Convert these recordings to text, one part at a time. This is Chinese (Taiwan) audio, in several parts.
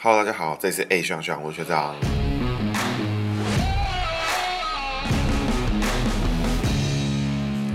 Hello，大家好，這裡是欸學長學長，我是學長，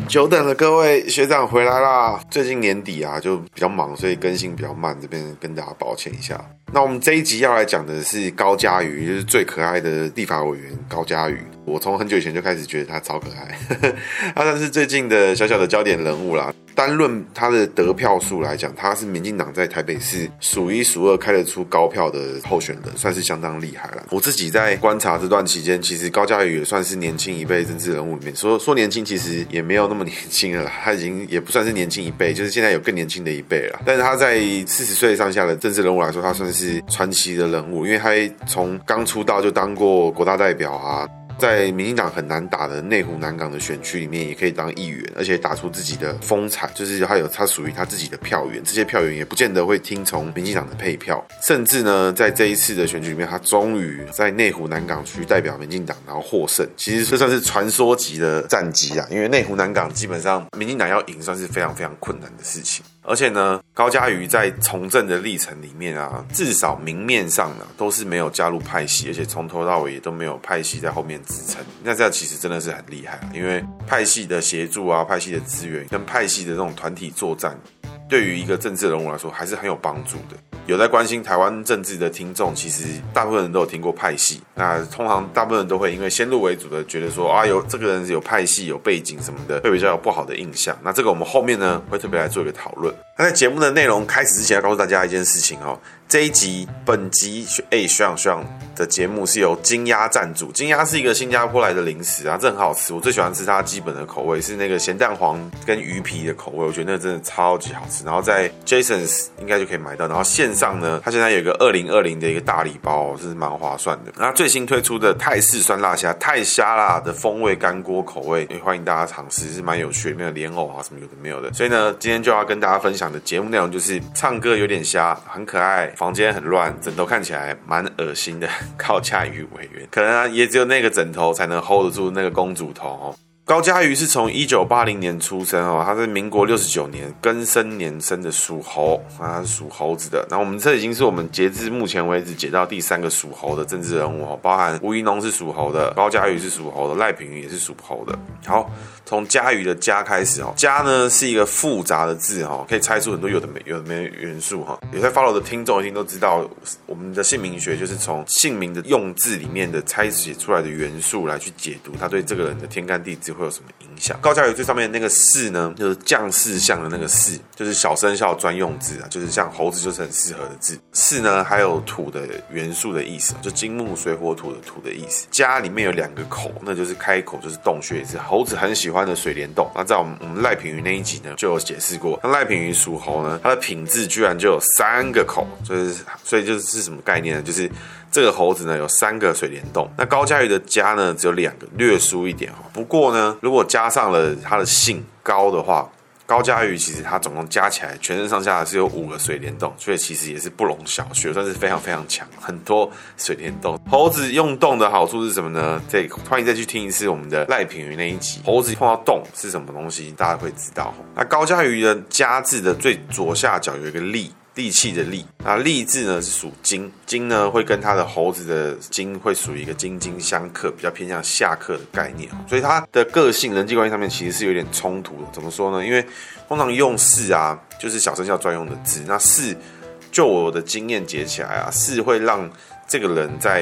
久等了，各位學長回來啦。最近年底啊，就比較忙，所以更新比較慢，這邊跟大家抱歉一下。那我們這一集要來講的是高嘉瑜，就是最可愛的立法委員高嘉瑜。我從很久以前就開始覺得他超可愛，他 算、啊、是最近的小小的焦點人物啦。單論他的得票數來講，他是民進黨在台北市數一數二開得出高票的候選人，算是相當厲害了。我自己在觀察這段期間，其實高嘉瑜也算是年輕一輩政治人物裡面，說說年輕其實也沒有那麼年輕了，他已經也不算是年輕一輩。就是現在有更年輕的一輩了，但是他在四十歲上下的政治人物來說，他算是傳奇的人物，因為他從剛出道就當過國大代表啊，在民進黨很難打的內湖南港的選區裡面，也可以當議員，而且打出自己的風采。就是他有他屬於他自己的票源，這些票源也不見得會聽從民進黨的配票。甚至呢，在這一次的選舉裡面，他終於在內湖南港區代表民進黨，然後獲勝。其實這算是傳說級的戰績啊，因為內湖南港基本上民進黨要贏，算是非常非常困難的事情。而且呢，高嘉瑜在從政的歷程裡面啊，至少明面上呢，啊，都是沒有加入派系，而且從頭到尾都沒有派系在後面支撐。那這樣其實真的是很厲害啊，因為派系的協助啊，派系的資源跟派系的這種團體作戰。對於一個政治人物來說，還是很有幫助的。有在關心臺灣政治的聽眾，其實大部分人都有聽過派系。那通常大部分人都會因為先入為主的覺得說，啊，有這個人有派系、有背景什麼的，會比較有不好的印象。那這個我們後面呢，會特別來做一個討論。那在節目的內容開始之前，要告訴大家一件事情哦。這一集本集欸，學長學長的節目是由金鴨贊助。金鴨是一個新加坡來的零食啊，這很好吃。我最喜歡吃它基本的口味是那個鹹蛋黃跟魚皮的口味，我覺得那個真的超級好吃。然後在 Jasons 應該就可以買到。然後線上呢，它現在有一個二零二零的一個大禮包、哦，是蠻划算的。然後最新推出的泰式酸辣蝦，泰蝦啦的風味乾鍋口味、欸，也歡迎大家嘗試，是蠻有趣的，沒有蓮藕啊，什麼有的沒有的。所以呢，今天就要跟大家分享的節目內容就是唱歌有點瞎，很可愛。房間很亂，枕頭看起來蠻噁心的。靠嘉瑜委員，可能他也只有那個枕頭才能 hold 住那個公主頭哦。高嘉瑜是從一九八零年出生哦，他是民國六十九年庚申年生的屬猴，他是屬猴子的。然後我們這已經是我們截至目前為止解到第三個屬猴的政治人物哦，包含吳怡農是屬猴的，高嘉瑜是屬猴的，賴品妤也是屬猴的。好，從嘉瑜的嘉開始哦，嘉呢是一個複雜的字哈、哦，可以猜出很多有的沒有的沒元素哈、哦。有些 follow 的聽眾已經都知道，我們的姓名學就是從姓名的用字裡面的拆寫出來的元素來去解讀他對這個人的天干地支。會有什麼影響？高嘉瑜最上面那個士呢，就是將士象的那個士，就是小生肖專用字啊，就是像猴子就是很適合的字。士呢還有土的元素的意思，啊，就金木水火土的土的意思。家裡面有兩個口，那就是開口，就是洞穴字。猴子很喜歡的水簾洞。那在我們我們賴品魚那一集呢，就有解釋過。那賴品魚屬猴呢，它的品質居然就有三個口，所以，所以就是什麼概念呢？就是。這個猴子呢，有三個水簾洞，那高嘉瑜的嘉呢，只有兩個，略輸一點哈。不過呢，如果加上了它的姓高的話，高嘉瑜其實它總共加起來全身上下是有五個水簾洞，所以其實也是不容小覷，算是非常非常強。很多水簾洞，猴子用洞的好處是什麼呢？這個，歡迎再去聽一次我們的賴品妤那一集，猴子碰到洞是什麼東西，大家會知道，那高嘉瑜呢，嘉瑜的嘉字的最左下角有一個力，利器的利，那利字呢是屬金，金呢會跟他的猴子的金會屬於一個金金相剋，比較偏向下剋的概念。所以他的個性人際關係上面其實是有點衝突的。怎麼說呢？因為通常用四啊，就是小生肖專用的字，那四就我的經驗解起來啊，四會讓這個人在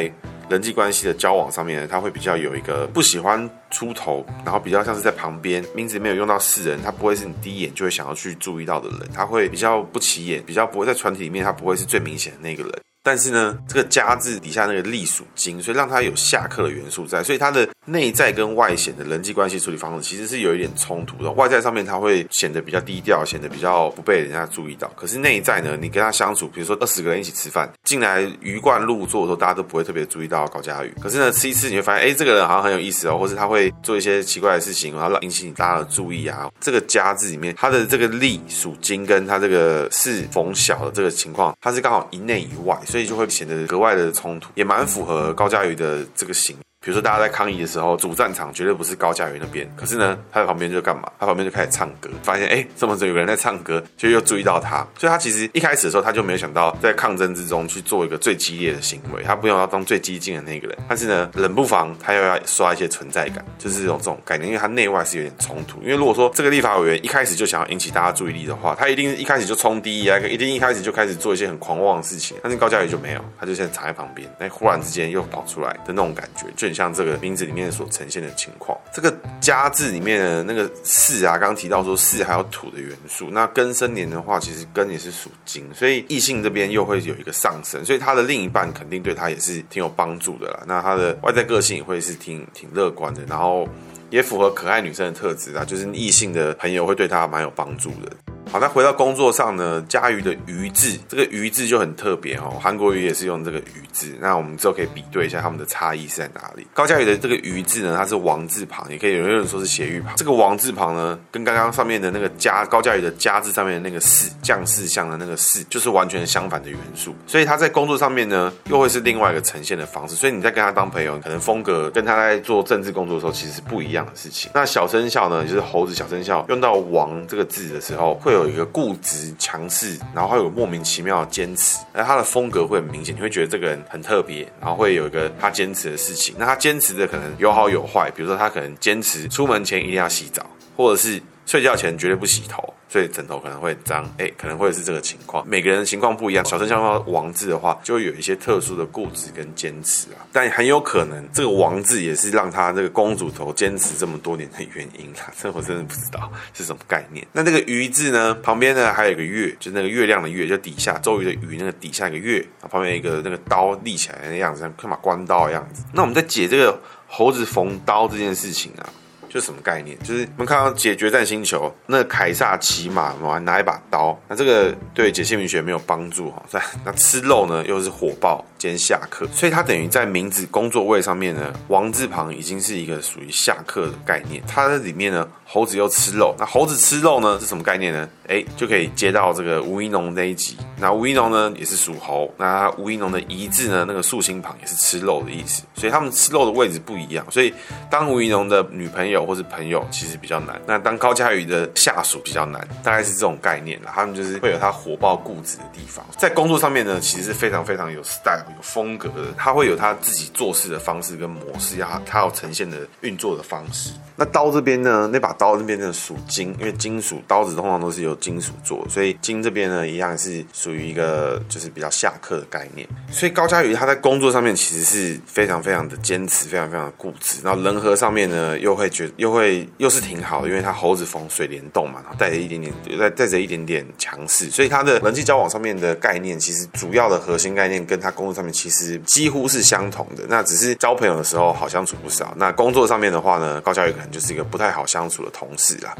人際關係的交往上面，他會比較有一個不喜歡出頭，然後比較像是在旁邊，名字沒有用到四人，他不會是你第一眼就會想要去注意到的人，他會比較不起眼，比較不會在團體裡面，他不會是最明顯的那個人。但是呢，這個家字底下那個隸屬金，所以讓他有下克元素在，所以他的內在跟外顯的人際關係處理方式其實是有一點衝突的。外在上面他會顯得比較低調，顯得比較不被人家注意到。可是內在呢，你跟他相處，比如說二十個人一起吃飯，進來魚貫入座的時候，大家都不會特別注意到高嘉瑜。可是呢，吃一次你會發現，哎、欸，這個人好像很有意思哦，或是他會做一些奇怪的事情，然後引起你大家的注意啊。這個家字裡面，他的這個隸屬金，跟他這個是逢小的這個情況，他是剛好一內一外。所以就會顯得格外的衝突，也蠻符合高嘉瑜的這個型。比如說，大家在抗議的時候，主戰場絕對不是高嘉瑜那邊。可是呢，他在旁邊就幹嘛？他旁邊就開始唱歌。發現，哎，這麼着有個人在唱歌，就又注意到他。所以他其實一開始的時候，他就沒有想到在抗爭之中去做一個最激烈的行為。他不用要當最激進的那個人。但是呢，冷不防他又要刷一些存在感，就是有這種感覺，因為他內外是有點衝突。因為如果說這個立法委員一開始就想要引起大家注意力的話，他一定一開始就衝第一啊，一定一開始就開始做一些很狂妄的事情。但是高嘉瑜就沒有，他就現在藏在旁邊，哎，忽然之間又跑出來的那種感覺，像這個名字裡面所呈現的情況，這個嘉字裡面的那個士啊，剛，剛提到說士還有土的元素，那庚申年的話，其實庚也是屬金，所以異性這邊又會有一個上升，所以他的另一半肯定對他也是挺有幫助的啦。那他的外在個性也會是挺挺樂觀的，然後也符合可愛女生的特質啊，就是異性的朋友會對他蠻有幫助的。好，那回到工作上呢？嘉瑜的瑜字，這個瑜字就很特別哦。韓國瑜也是用這個瑜字。那我們之後可以比對一下他們的差異是在哪裡？高嘉瑜的這個瑜字呢，它是王字旁，也可以有人說是斜玉旁。這個王字旁呢，跟剛剛上面的那個嘉，高嘉瑜的嘉字上面的那個士，將士相的那個士，就是完全相反的元素。所以他在工作上面呢，又會是另外一個呈現的方式。所以你在跟他當朋友，可能風格跟他在做政治工作的時候其實是不一樣的事情。那小生肖呢，就是猴子小生肖用到王這個字的時候會。會有一個固執、強勢，然後他有莫名其妙的堅持，而他的風格會很明顯,你會覺得這個人很特別，然後會有一個他堅持的事情。那他堅持的可能有好有壞，比如說他可能堅持出門前一定要洗澡，或者是。睡覺前絕對不洗頭，所以枕頭可能會很髒，哎，可能會是這個情況。每個人的情況不一樣。嗯、小生像王字的話，就會有一些特殊的固執跟堅持啊。但很有可能這個王字也是讓他這個公主頭堅持這麼多年的原因啊。這我真的不知道是什麼概念。那這個瑜字呢？旁邊呢還有一個月，就是、那個月亮的月，就底下周瑜的瑜那個底下一個月，然後旁邊一個那個刀立起來的樣子，看嘛，關刀的樣子。那我們在解這個猴子逢刀這件事情啊。就什麼概念？就是我們看到《解決戰星球》那凱撒騎馬嘛，拿一把刀，那這個對解姓名學沒有幫助哈。 那吃肉呢又是火爆兼下課，所以它等於在名字工作位上面呢，王字旁已經是一個屬於下課的概念。它這裡面呢，猴子又吃肉，那猴子吃肉呢是什麼概念呢？哎、欸，就可以接到這個吳怡農那一集。那吳怡農呢也是屬猴，那吳怡農的怡字呢，那個豎心旁也是吃肉的意思，所以他們吃肉的位置不一樣。所以當吳怡農的女朋友。或是朋友其實比較難，那當高嘉瑜的下屬比較難，大概是這種概念啦。他們就是會有他火爆固執的地方，在工作上面呢，其實是非常非常有 style、有風格的。他會有他自己做事的方式跟模式呀，他要呈現的運作的方式。那刀這邊呢，那把刀那邊呢屬金，因為金屬刀子通常都是由金屬做，所以金這邊呢一樣是屬於一個就是比較下克的概念。所以高嘉瑜他在工作上面其實是非常非常的堅持，非常非常的固執。然後人和上面呢又會覺得。又會又是挺好的，因為他猴子風水簾洞嘛，然後帶着一點點，帶帶着一點點強勢，所以他的人際交往上面的概念，其實主要的核心概念，跟他工作上面其實幾乎是相同的。那只是交朋友的時候好相處不少，那工作上面的話呢，高嘉瑜可能就是一個不太好相處的同事啦。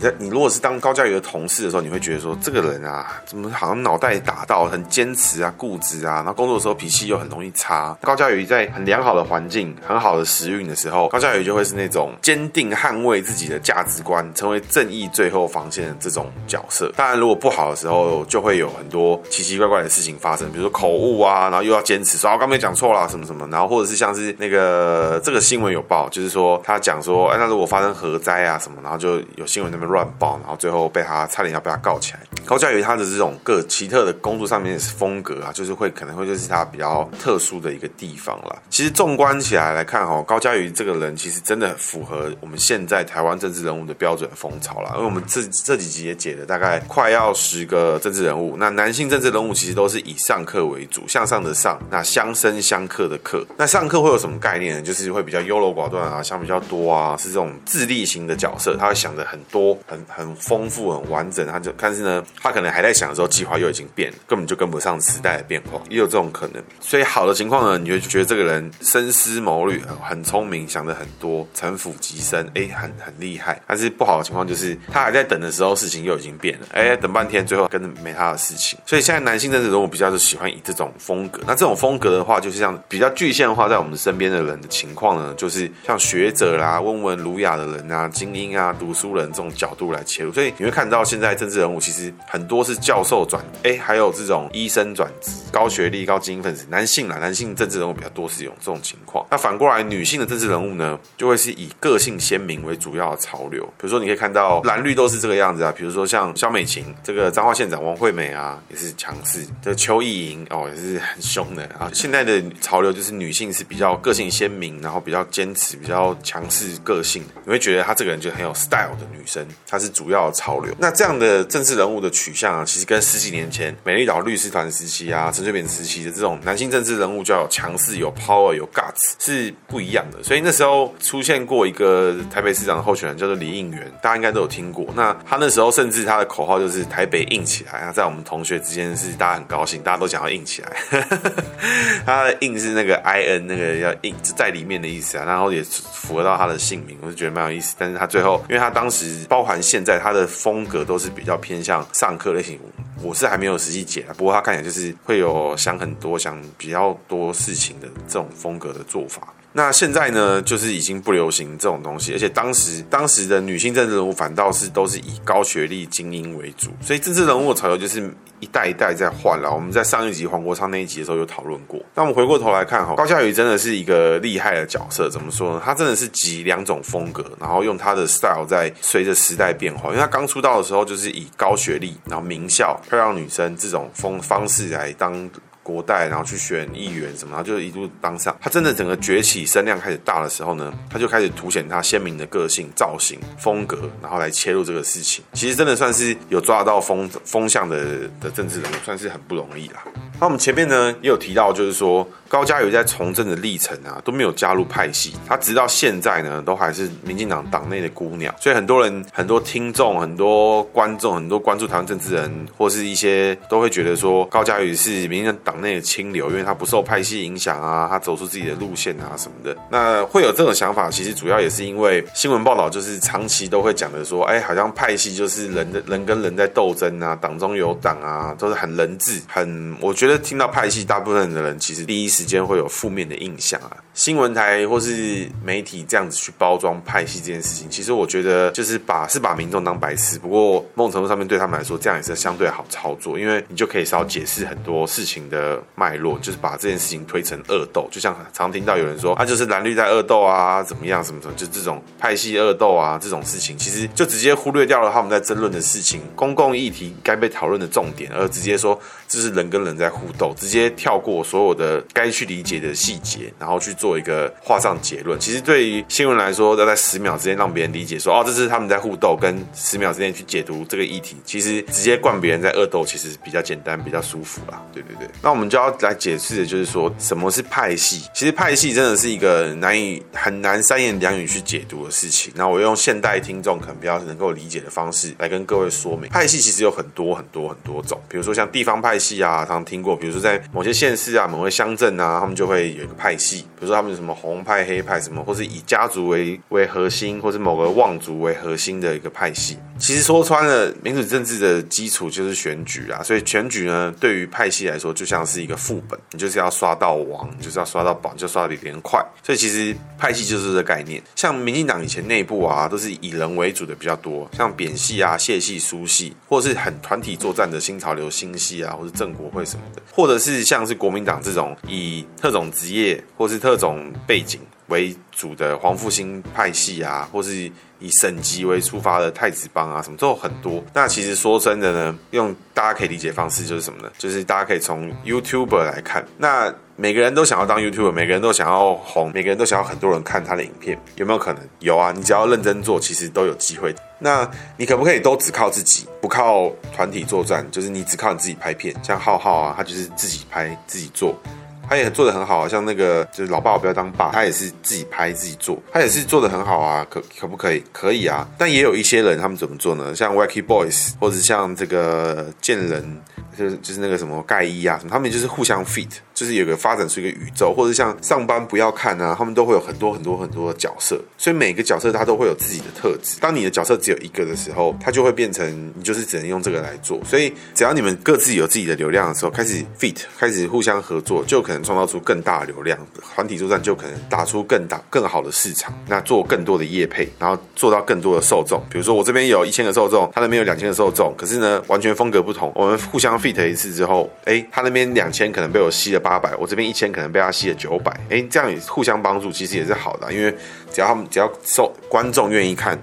你你如果是當高嘉瑜的同事的時候，你會覺得說這個人啊，怎麼好像腦袋打到，很堅持啊、固執啊，然後工作的時候脾氣又很容易差。高嘉瑜在很良好的環境、很好的時運的時候，高嘉瑜就會是那種堅定捍衛自己的價值觀，成為正義最後防線的這種角色。當然，如果不好的時候，就會有很多奇奇怪怪的事情發生，比如說口誤啊，然後又要堅持說、啊、我剛剛沒講錯啦，什麼什麼，然後或者是像是那個這個新聞有報，就是說他講說，哎，那如果發生核災啊什麼，然後就有新聞那邊。亂爆，然後最後被他差點要被他告起來。高嘉瑜他的這種各奇特的工作上面的風格啊，就是會可能會就是他比較特殊的一個地方啦。其實縱觀起來來看哦，高嘉瑜這個人其實真的很符合我們現在台灣政治人物的標準風潮啦。因為我們這這幾集也解了大概快要十個政治人物，那男性政治人物其實都是以上克為主，向上的上，那相生相克的克。那上克會有什麼概念呢？就是會比較優柔寡斷啊，想比較多啊，是這種智力型的角色，他會想的很多。很很豐富很完整，他就但是呢，他可能還在想的時候，計劃又已經變了，根本就跟不上時代的變化，也有這種可能。所以好的情況呢，你就覺得這個人深思謀慮，很聰明，想的很多，城府極深，哎，很很厲害。但是不好的情況就是，他還在等的時候，事情又已經變了，哎，等半天最後跟着沒他的事情。所以現在男性政治人物比較是喜歡以這種風格。那這種風格的話就是像比較具現化在我們身邊的人的情況呢，就是像學者啦、溫文儒雅的人啊、精英啊、讀書人這種角。角度來切入，所以你會看到現在政治人物其實很多是教授轉哎，還有這種醫生轉職，高學歷、高精英分子，男性啦，男性政治人物比較多是有這種情況。那反過來，女性的政治人物呢，就會是以個性鮮明為主要的潮流。比如說，你可以看到藍綠都是這個樣子啊。比如說像蕭美琴這個彰化縣長王惠美啊，也是強勢的、這個、邱議瑩哦，也是很凶的啊。現在的潮流就是女性是比較個性鮮明，然後比較堅持、比較強勢個性，你會覺得她這個人就很有 style 的女生。它是主要的潮流。那這樣的政治人物的取向啊，其實跟十幾年前美麗島律師團時期啊、陳水扁時期的這種男性政治人物，叫強勢、有 power、有 guts，是不一樣的。所以那時候出現過一個台北市長的候選人，叫做李應元，大家應該都有聽過。那他那時候甚至他的口號就是“台北硬起來”，啊，在我們同學之間是大家很高興，大家都想要硬起來。 他，他的“硬”是那個 “IN” 那個要硬，就在裡面的意思啊。然後也符合到他的姓名，我就覺得蠻有意思。但是他最後，因為他當時包括款現在它的風格都是比較偏向上課類型，我是還沒有實際解，不過它看起來就是會有想很多、想比較多事情的這種風格的做法。那現在呢，就是已經不流行這種東西，而且當時當時的女性政治人物反倒是都是以高學歷精英為主，所以政治人物的潮流就是一代一代在換了。我們在上一集黃國昌那一集的時候有討論過。那我們回過頭來看哈，高嘉瑜真的是一個厲害的角色，怎麼說呢？她真的是集兩種風格，然後用她的 style 在隨着時代變化。因為她剛出道的時候就是以高學歷，然後名校漂亮女生這種風方式來當。國代，然後去選議員，什麼，他就一度當上。他真的整個崛起聲量開始大的時候呢，他就開始凸顯他鮮明的個性、造型、風格，然後來切入這個事情。其實真的算是有抓得到風風向的的政治人物，算是很不容易啦。那我們前面呢也有提到，就是說高嘉瑜在從政的歷程啊，都沒有加入派系，他直到現在呢都還是民進黨黨內的孤鳥。所以很多人、很多聽眾、很多觀眾、很多關注台灣政治人或是一些，都會覺得說高嘉瑜是民進黨黨。那個清流，因為他不受派系影響啊，他走出自己的路線啊什麼的。那會有這種想法，其實主要也是因為新聞報道就是長期都會講的說，哎、欸，好像派系就是人的人跟人在鬥爭啊，黨中有黨啊，都是很人治。很，我覺得聽到派系，大部分的人其實第一時間會有負面的印象啊。新聞台或是媒體這樣子去包裝派系這件事情，其實我覺得就是把是把民眾當白痴。不過某種程度上面對他們來說，這樣也是相對好操作，因為你就可以少解釋很多事情的。的脈絡就是把這件事情推成惡鬥，就像常聽到有人說，啊，就是藍綠在惡鬥啊，怎麼樣，什麼什麼，就這種派系惡鬥啊，這種事情其實就直接忽略掉了他們在爭論的事情，公共議題該被討論的重點，而直接說這是人跟人在互鬥，直接跳過所有的該去理解的細節，然後去做一個畫上結論。其實對於新聞來說，要在十秒之間讓別人理解說，哦，這是他們在互鬥，跟十秒之間去解讀這個議題，其實直接灌別人在惡鬥，其實比較簡單，比較舒服啦、啊，對對對。那我們就要來解釋的就是說，什麼是派系？其實派系真的是一個難以，很難三言兩語去解讀的事情。那我用現代聽眾可能比較能夠理解的方式來跟各位說明，派系其實有很多很多很多種。比如說像地方派系啊，常聽過，比如說在某些縣市啊、某些鄉鎮啊，他們就會有一個派系，比如說他們有什麼紅派、黑派什麼，或是以家族為為核心，或是某個望族為核心的一個派系。其實說穿了，民主政治的基礎就是選舉啦，所以選舉呢，對於派系來說，就像是一個副本，你就是要刷到王，就是要刷到榜，就刷得比別人快。所以其實派系就是這個概念。像民進黨以前內部啊，都是以人為主的比較多，像扁系啊、謝系、蘇系，或是很團體作戰的新潮流新系啊，或者正國會什麼的，或者是像是國民黨這種以特種職業或是特種背景，為主的黃復興派系啊，或是以省籍為出發的太子幫啊，什麼都有很多。那其實說真的呢，用大家可以理解方式就是什麼呢？就是大家可以從 YouTuber 來看，那每個人都想要當 YouTuber，每個人都想要紅，每個人都想要很多人看他的影片，有沒有可能？有啊，你只要認真做，其實都有機會。那你可不可以都只靠自己，不靠團體作戰？就是你只靠你自己拍片，像浩浩啊，他就是自己拍自己做。他也做得很好，像那個就是老爸，我不要當爸，他也是自己拍自己做，他也是做得很好啊，可可不可以？可以啊，但也有一些人，他們怎麼做呢？像 Wacky Boys 或者，像這個賤人，就是就是那個什麼蓋伊啊什麼，他們就是互相 feat。就是有個發展出一個宇宙，或者像上班不要看啊，他們都會有很多很多很多的角色，所以每個角色它都會有自己的特質。當你的角色只有一個的時候，它就會變成你就是只能用這個來做。所以只要你們各自有自己的流量的時候，開始 fit 開始互相合作，就可能創造出更大的流量。團體作戰就可能打出更大更好的市場，那做更多的業配，然後做到更多的受眾。比如說我這邊有一千個受眾，他那邊有兩千個受眾，可是呢完全風格不同。我們互相 fit 一次之後，哎、欸，他那邊兩千可能被我吸了。八百，我這邊一千，可能被他吸了九百。哎，這樣也互相幫助，其實也是好的、啊，因為只要他們只要受觀眾願意看。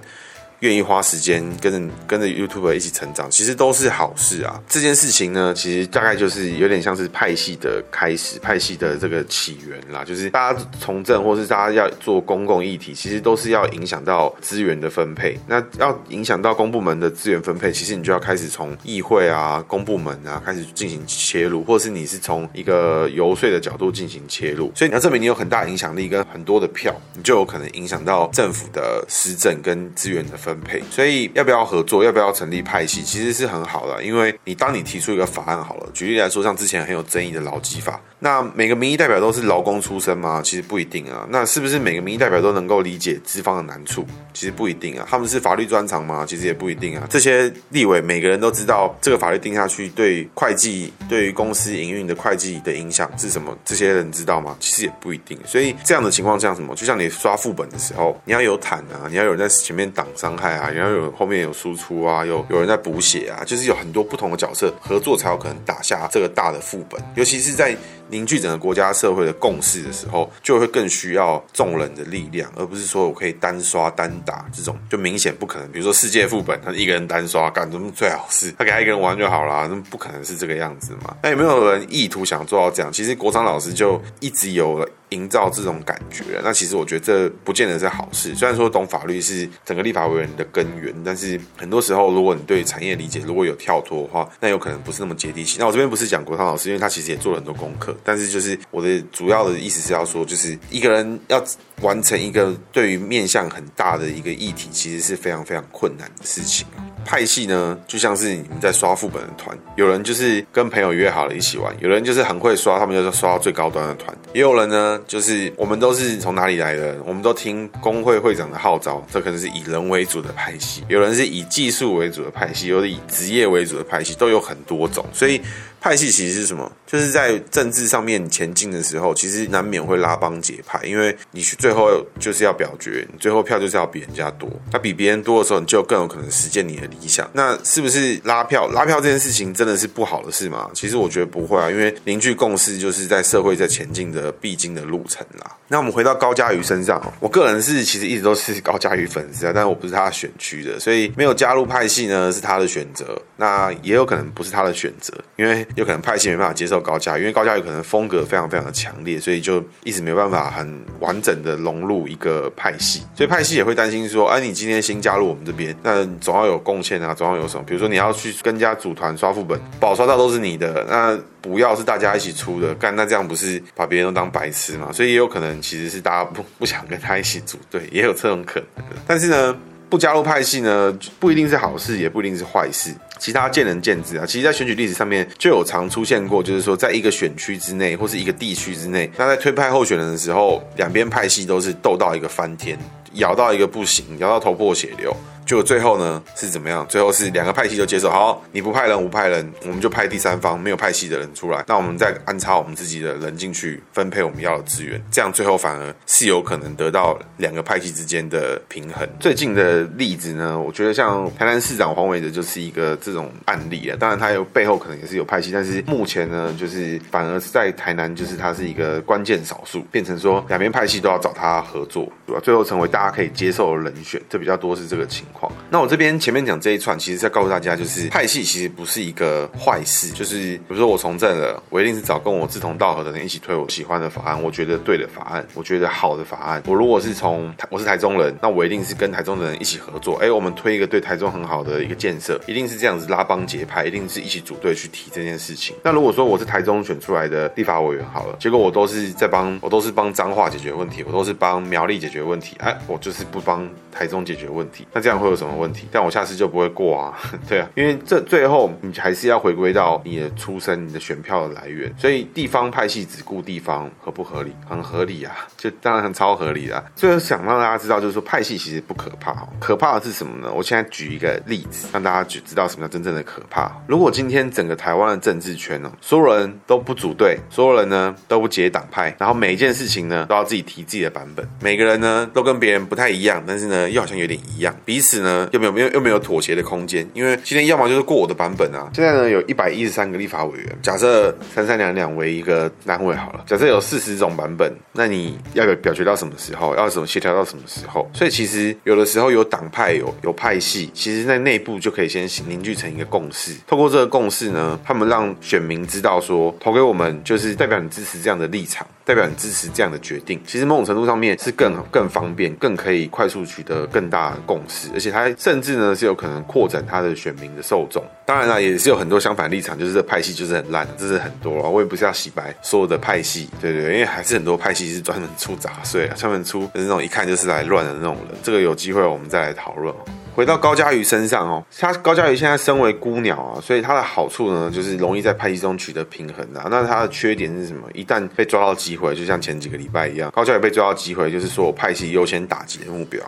願意花時間跟著跟着 YouTuber 一起成長，其實都是好事啊。這件事情呢，其實大概就是有點像是派系的開始，派系的這個起源啦。就是大家從政，或是大家要做公共議題，其實都是要影響到資源的分配。那要影響到公部門的資源分配，其實你就要開始從議會啊、公部門啊開始進行切入，或是你是從一個游說的角度進行切入。所以你要證明你有很大的影響力跟很多的票，你就有可能影響到政府的施政跟資源的分配。所以要不要合作，要不要成立派系，其實是很好的。因為你當你提出一個法案，好了，舉例來說，像之前很有爭議的勞基法。那每個民意代表都是勞工出身嗎？其實不一定啊。那是不是每個民意代表都能夠理解資方的難處？其實不一定啊。他們是法律專長嗎？其實也不一定啊。這些立委每個人都知道這個法律定下去對會計、對於公司營運的會計的影響是什麼？這些人知道嗎？其實也不一定。所以這樣的情況像什麼？就像你刷副本的時候，你要有坦啊，你要有人在前面擋傷害啊，你要有後面有輸出啊，有有人在補血啊，就是有很多不同的角色合作才有可能打下這個大的副本。尤其是在。凝聚整個國家社會的共識的時候，就會更需要眾人的力量，而不是說我可以單刷單打這種，就明顯不可能。比如說世界副本，他一個人單刷，幹什麼最好是他給他一個人玩就好了，那不可能是這個樣子嘛？那有沒有人意圖想做到這樣？其實國昌老師就一直有。營造這種感覺了，那其實我覺得這不見得是好事。雖然說懂法律是整個立法委員的根源，但是很多時候，如果你對產業理解如果有跳脫的話，那有可能不是那麼接地氣。那我這邊不是講國昌老師，因為他其實也做了很多功課，但是就是我的主要的意思是要說，就是一個人要完成一個對於面向很大的一個議題，其實是非常非常困難的事情。派系呢，就像是你們在刷副本的團，有人就是跟朋友約好了一起玩，有人就是很會刷，他們就是刷到最高端的團，也有人呢，就是我們都是從哪裡來的，我們都聽公會會長的號召，這可能是以人為主的派系，有人是以技術為主的派系，有以職業為主的派系，都有很多種，所以。派系其實是什麼？就是在政治上面前進的時候，其實難免會拉幫結派，因為你去最後就是要表決，你最後票就是要比人家多。那比別人多的時候，你就更有可能實現你的理想。那是不是拉票？拉票這件事情真的是不好的事嗎？其實我覺得不會啊，因為凝聚共識就是在社會在前進的必經的路程啦。那我們回到高嘉瑜身上，哦，我個人是其實一直都是高嘉瑜粉絲啊，但是我不是他的選區的，所以沒有加入派系呢，是他的選擇。那也有可能不是他的選擇，因為。有可能派系沒辦法接受高嘉瑜，因為高嘉瑜有可能風格非常非常的強烈，所以就一直沒辦法很完整的融入一個派系，所以派系也會擔心說，哎、啊，你今天新加入我們這邊，那總要有貢獻啊，總要有什麼，比如說你要去跟人家組團刷副本，寶刷到都是你的，那不要是大家一起出的，幹那這樣不是把別人都當白痴嗎？所以也有可能其實是大家不不想跟他一起組隊，也有這種可能的，但是呢。不加入派系呢，不一定是好事，也不一定是壞事，其他見仁見智啊。其實，在選舉歷史上面就有常出現過，就是說，在一個選區之內，或是一個地區之內，那在推派候選人的時候，兩邊派系都是鬥到一個翻天，咬到一個不行，咬到頭破血流。就最後呢是怎麼樣？最後是兩個派系都接受。好，你不派人，我不派人，我們就派第三方沒有派系的人出來。那我們再安插我們自己的人進去，分配我們要的資源。這樣最後反而是有可能得到兩個派系之間的平衡。最近的例子呢，我覺得像台南市長黃偉哲就是一個這種案例了。當然他有背後可能也是有派系，但是目前呢，就是反而在台南，就是他是一個關鍵少數，變成說，兩邊派系都要找他合作，最後成為大家可以接受的人選。這比較多是這個情。那我這邊前面講這一串，其實是要告訴大家，就是派系其實不是一個壞事。就是比如說我從政了，我一定是找跟我志同道合的人一起推我喜歡的法案，我覺得對的法案，我覺得好的法案。我如果是從，我是台中人，那我一定是跟台中的人一起合作。哎、欸，我們推一個對台中很好的一個建設，一定是這樣子拉幫結派，一定是一起組隊去提這件事情。那如果說我是台中選出來的立法委員好了，結果我都是在幫，我都是幫彰化解決問題，我都是幫苗栗解決問題，哎、欸，我就是不幫台中解決問題。那這樣。都有什麼問題？但我下次就不會過啊。對啊，因為這最後你還是要回歸到你的出身、你的選票的來源，所以地方派系只顧地方合不合理？很合理啊，就當然很超合理啊。所以我想讓大家知道，就是說派系其實不可怕，哦，可怕的是什麼呢？我現在舉一個例子，讓大家舉知道什麼叫真正的可怕，哦。如果今天整個台灣的政治圈哦，所有人都不組隊，所有人呢都不結黨派，然後每一件事情呢都要自己提自己的版本，每個人呢都跟別人不太一樣，但是呢又好像有點一樣，彼此呢又沒有沒有又沒有妥協的空間，因為今天要麼就是過我的版本啊。現在呢，有一百一十三個立法委員，假設三三兩兩為一個單位好了。假設有四十種版本，那你要有表決到什麼時候？要怎麼協調到什麼時候？所以其實有的時候有黨派、有有派系，其實在內部就可以先凝聚成一個共識。透過這個共識呢，他們讓選民知道說，投給我們就是代表你支持這樣的立場，代表你支持這樣的決定。其實某種程度上面是更更方便，更可以快速取得更大的共識，而且。它甚至呢是有可能擴展它的選民的受眾，當然了也是有很多相反立場，就是這派系就是很爛，這是很多。我也不是要洗白所有的派系，對對，因為還是很多派系是專門出雜碎啊，專門出、就是、那種一看就是來亂的那種人。這個有機會我們再來討論。回到高嘉瑜身上哦，他高嘉瑜現在身為孤鳥啊，所以他的好處呢就是容易在派系中取得平衡啊。那他的缺點是什麼？一旦被抓到機會，就像前幾個禮拜一樣，高嘉瑜被抓到機會，就是說我派系優先打擊的目標。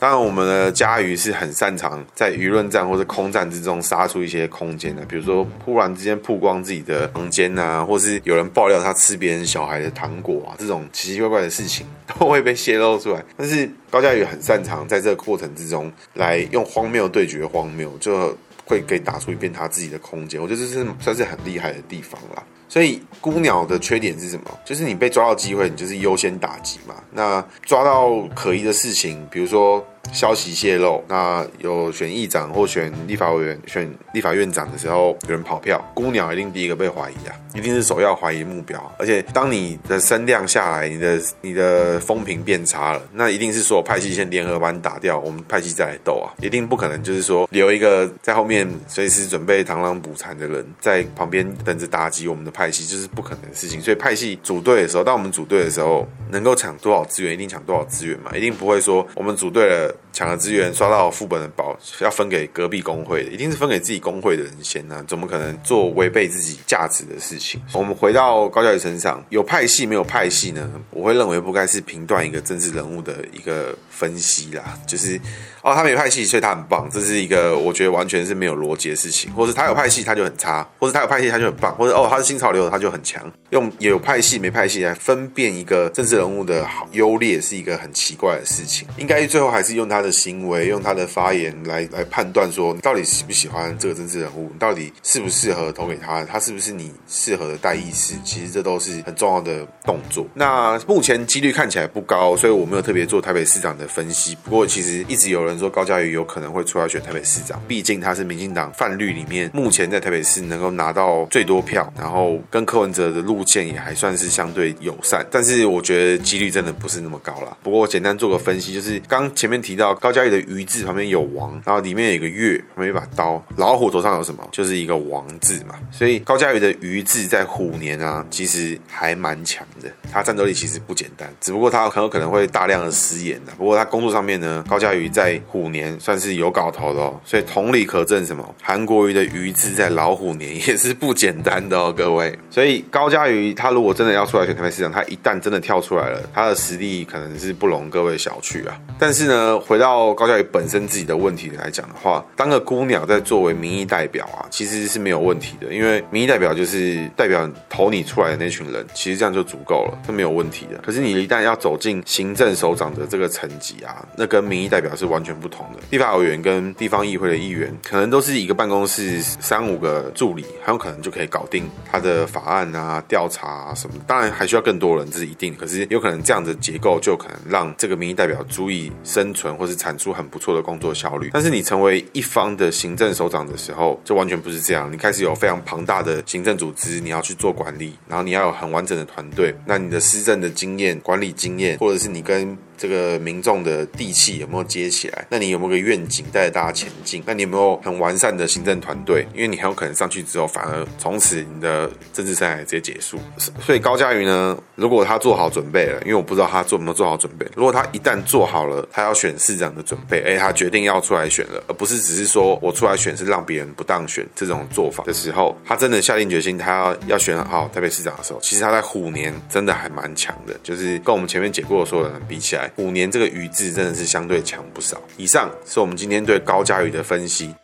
當然，我們的嘉瑜是很擅長在輿論戰或者空戰之中殺出一些空間的。比如說，忽然之間曝光自己的房間啊，或是有人爆料他吃別人小孩的糖果啊，這種奇奇怪怪的事情都會被洩露出來。但是，高嘉瑜很擅長在這個過程之中來用荒謬對決荒謬，就。會給打出一片他自己的空間，我覺得這是算是很厲害的地方啦。所以孤鳥的缺點是什麼？就是你被抓到機會，你就是優先打擊嘛。那抓到可疑的事情，比如說。消息洩露，那有選議長或選立法委員，選立法院長的時候，有人跑票，孤鳥一定第一個被懷疑啊，一定是首要懷疑目標啊。而且當你的聲量下來，你的你的風評變差了，那一定是所有派系先聯合把你打掉，我們派系再來鬥啊，一定不可能就是說留一個在後面隨時準備螳螂捕蟬的人在旁邊等着打擊我們的派系，就是不可能的事情。所以派系組隊的時候，當我們組隊的時候，能夠搶多少資源，一定搶多少資源嘛，一定不會說我們組隊了。搶了資源，刷到副本的寶要分給隔壁工會的，一定是分給自己工會的人先呢、啊？怎麼可能做違背自己價值的事情？我們回到高嘉瑜身上，有派系沒有派系呢？我會認為不該是評斷一個政治人物的一個分析啦。就是哦，他沒派系，所以他很棒，這是一個我覺得完全是沒有邏輯的事情。或者他有派系，他就很差；或者他有派系，他就很棒；或者哦，他是新潮流，他就很強。用有派系沒派系來分辨一個政治人物的好優劣，是一個很奇怪的事情。應該最後還是。用他的行為，用他的發言來來判斷，說你到底喜不喜歡這個政治人物，你到底適不適合投給他，他是不是你適合的代議士？其實這都是很重要的動作。那目前幾率看起來不高，所以我沒有特別做台北市長的分析。不過其實一直有人說高嘉瑜有可能會出來選台北市長，畢竟他是民進黨泛綠裡面目前在台北市能夠拿到最多票，然後跟柯文哲的路線也還算是相對友善。但是我覺得幾率真的不是那麼高啦。不過簡單做個分析，就是剛前面。提到高嘉瑜的魚字旁邊有王，然後裡面有一個月，旁邊一把刀。老虎頭上有什麼？就是一個王字嘛。所以高嘉瑜的魚字在虎年啊，其實還蠻強的。他戰鬥力其實不簡單，只不過他很有可能會大量的失言的、啊。不過他工作上面呢，高嘉瑜在虎年算是有搞頭的哦。所以同理可證，什麼韓國瑜的魚字在老虎年也是不簡單的哦，各位。所以高嘉瑜他如果真的要出來選台北市長，他一旦真的跳出來了，他的實力可能是不容各位小覷啊。但是呢。回到高嘉瑜本身自己的問題來講的話，當個姑娘在作為民意代表啊，其實是沒有問題的，因為民意代表就是代表投你出來的那群人，其實這樣就足夠了，是沒有問題的。可是你一旦要走進行政首長的這個層級啊，那跟民意代表是完全不同的。立法委員跟地方議會的議員，可能都是一個辦公室三五個助理，很有可能就可以搞定他的法案啊、調查啊什麼。當然還需要更多人，這是一定的。可是有可能這樣的結構就可能讓這個民意代表足以生存。或是產出很不錯的工作效率，但是你成為一方的行政首長的時候，就完全不是這樣。你開始有非常龐大的行政組織，你要去做管理，然後你要有很完整的團隊。那你的施政的經驗、管理經驗，或者是你跟這個民眾的地氣有沒有接起來？那你有沒有個願景帶着大家前進？那你有沒有很完善的行政團隊？因為你很有可能上去之後，反而從此你的政治生涯直接結束。所以高嘉瑜呢，如果他做好準備了，因為我不知道他做沒有做好準備。如果他一旦做好了，他要選市長的準備，哎，他決定要出來選了，而不是只是說我出來選是讓別人不當選這種做法的時候，他真的下定決心他要要選好台北市長的時候，其實他在虎年真的還蠻強的，就是跟我們前面解過的所有人比起來。五年這個雨字真的是相對強不少。以上是我們今天對高嘉宇的分析。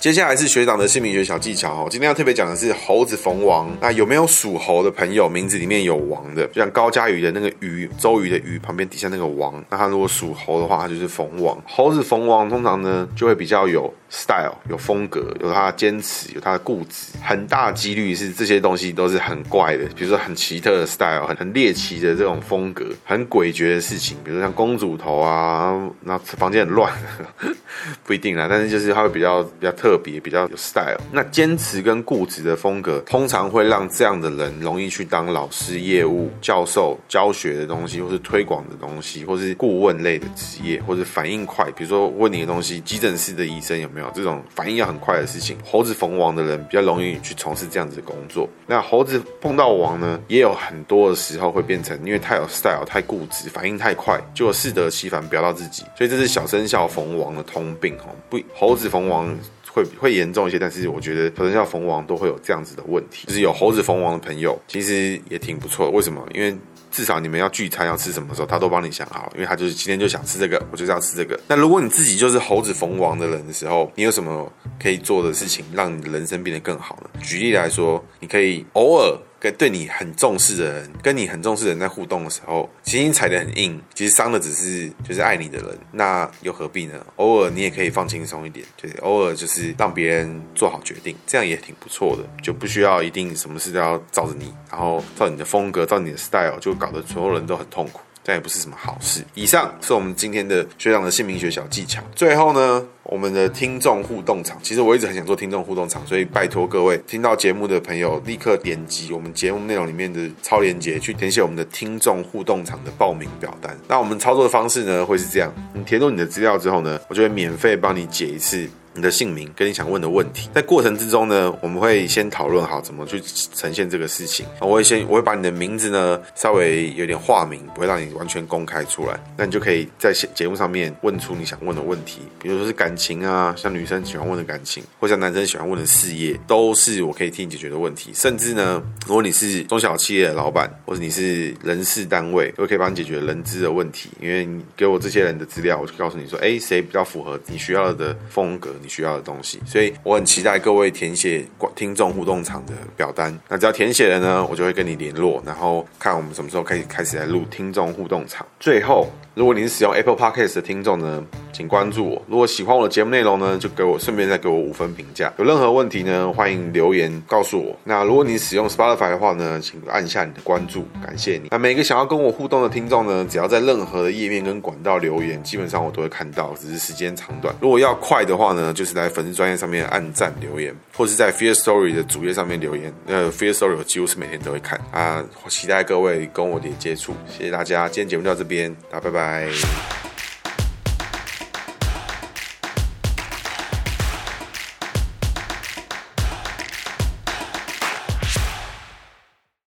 接下來是學長的姓名學小技巧哦，今天要特別講的是猴子逢王。那有沒有屬猴的朋友名字裡面有王的？就像高嘉宇的那個魚，周瑜的魚旁邊底下那個王，那他如果屬猴的話，他就是逢王。猴子逢王通常呢就會比較有。style 有風格，有他的堅持，有他的固執，很大幾率是這些東西都是很怪的，比如說很奇特的 style，很很獵奇的這種風格，很詭譎的事情，比如像公主頭啊，那房間很亂， 不一定啦，但是就是他會比較比較特別，比較有 style。那堅持跟固執的風格，通常會讓這樣的人容易去當老師、業務、教授、教學的東西，或是推廣的東西，或是顧問類的職業，或是反應快，比如說問你的東西，急診室的醫生有沒有？這種反應要很快的事情，猴子逢王的人比較容易去從事這樣子的工作。那猴子碰到王呢，也有很多的時候會變成，因為太有 style、太固執、反應太快，就適得其反，婊到自己。所以這是小生肖逢王的通病哈。不，猴子逢王會會嚴重一些，但是我覺得小生肖逢王都會有這樣子的問題。就是有猴子逢王的朋友，其實也挺不錯的。為什麼？因為至少你們要聚餐要吃什麼的時候，他都幫你想好，因為他就是今天就想吃這個，我就是要吃這個。那如果你自己就是猴子逢王的人的時候，你有什麼可以做的事情，讓你的人生變得更好呢？舉例來說，你可以偶爾。跟對你很重視的人，跟你很重視的人在互動的時候，其實踩得很硬，其實傷的只是就是愛你的人，那又何必呢？偶爾你也可以放輕鬆一點，就是偶爾就是讓別人做好決定，這樣也挺不錯的，就不需要一定什麼事都要照着你，然後照你的風格，照你的 style，就搞得所有人都很痛苦，但也不是什麼好事。以上是我們今天的學長的姓名學小技巧。最後呢，我們的聽眾互動場，其實我一直很想做聽眾互動場，所以拜託各位聽到節目的朋友，立刻點擊我們節目內容裡面的超鏈接，去填寫我們的聽眾互動場的報名表單。那我們操作的方式呢，會是這樣：你填入你的資料之後呢，我就會免費幫你解一次你的姓名跟你想問的問題。在過程之中呢，我們會先討論好怎麼去呈現這個事情。我會先，我會把你的名字呢稍微有點化名，不會讓你完全公開出來。那你就可以在節目上面問出你想問的問題，比如說是感。情啊，像女生喜歡問的感情，或像男生喜歡問的事業，都是我可以替你解決的問題。甚至呢，如果你是中小企業的老闆，或者你是人事單位，都可以幫你解決人資的問題。因為你給我這些人的資料，我就告訴你說，哎，誰比較符合你需要的的風格，你需要的東西。所以我很期待各位填寫聽眾互動場的表單。那只要填寫了呢，我就會跟你聯絡，然後看我們什麼時候可以開始來錄聽眾互動場。最後，如果你是使用 Apple Podcast 的聽眾呢，請關注我。如果喜歡，節目內容呢，就給我順便再給我五分評價。有任何問題呢，歡迎留言告訴我。那如果你使用 Spotify 的話呢，請按下你的關注，感謝你。那每個想要跟我互動的聽眾呢，只要在任何的頁面跟管道留言，基本上我都會看到，只是時間長短。如果要快的話呢，就是在粉絲專頁上面按讚留言，或是在 Firstory 的主頁上面留言。Firstory 我幾乎是每天都會看啊，我期待各位跟我的接觸，謝謝大家。今天節目就到這邊，大家拜拜。